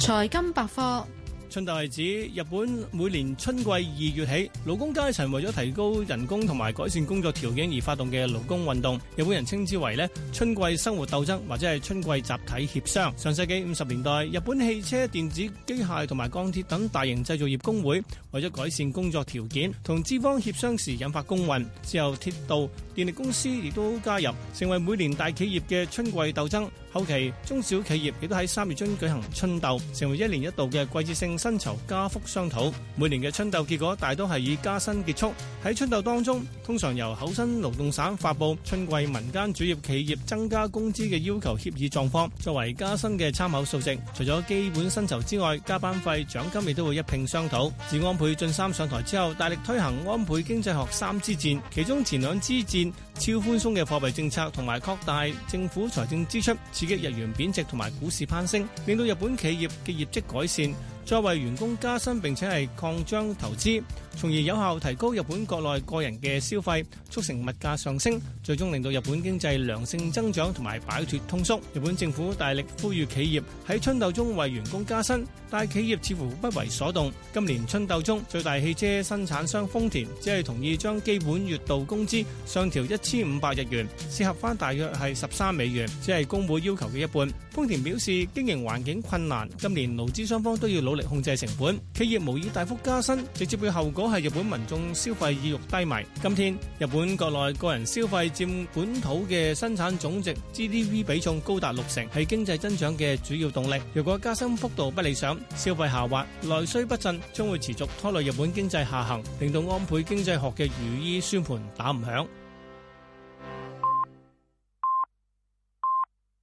財金百科，春鬥係指日本每年春季二月起，勞工階層為咗提高人工同埋改善工作條件而發動嘅勞工運動。日本人稱之為咧春季生活鬥爭或者係春季集體協商。上世紀五十年代，日本汽車、電子、機械同埋鋼鐵等大型製造業工會為咗改善工作條件，同資方協商時引發工運，之後鐵道、電力公司亦都加入，成為每年大企業嘅春季鬥爭。後期中小企業亦都喺三月中舉行春鬥，成為一年一度嘅季節性薪酬加幅商討。每年嘅春鬥結果大都係以加薪結束。喺春鬥當中，通常由厚生勞動省發布春季民間主要企業增加工資嘅要求協議狀況，作為加薪嘅參考數值。除咗基本薪酬之外，加班費、獎金亦都會一並商討。自安倍晉三上台之後，大力推行安倍經濟學三支箭，其中前兩支箭超寬鬆嘅貨幣政策同埋擴大政府財政支出。刺激日元貶值同埋股市攀升，令到日本企業嘅業績改善。再為員工加薪並且係擴張投資，從而有效提高日本國內個人嘅消費，促成物價上升，最終令到日本經濟良性增長同埋擺脱通縮。日本政府大力呼籲企業喺春鬥中為員工加薪，但係企業似乎不為所動。今年春鬥中，最大汽車生產商豐田只係同意將基本月度工資上調一千五百日元，折合返大約係十三美元，只係工會要求嘅一半。豐田表示經營環境困難，今年勞資雙方都要努力。控制成本，企業無意大幅加薪，直接嘅後果係日本民眾消費意欲低迷。今天日本國內個人消費佔本土嘅生產總值 GDP 比重高達六成，係經濟增長嘅主要動力。若果加薪幅度不理想，消費下滑，內需不振，將會持續拖累日本經濟下行，令到安倍經濟學嘅如意算盤打唔響。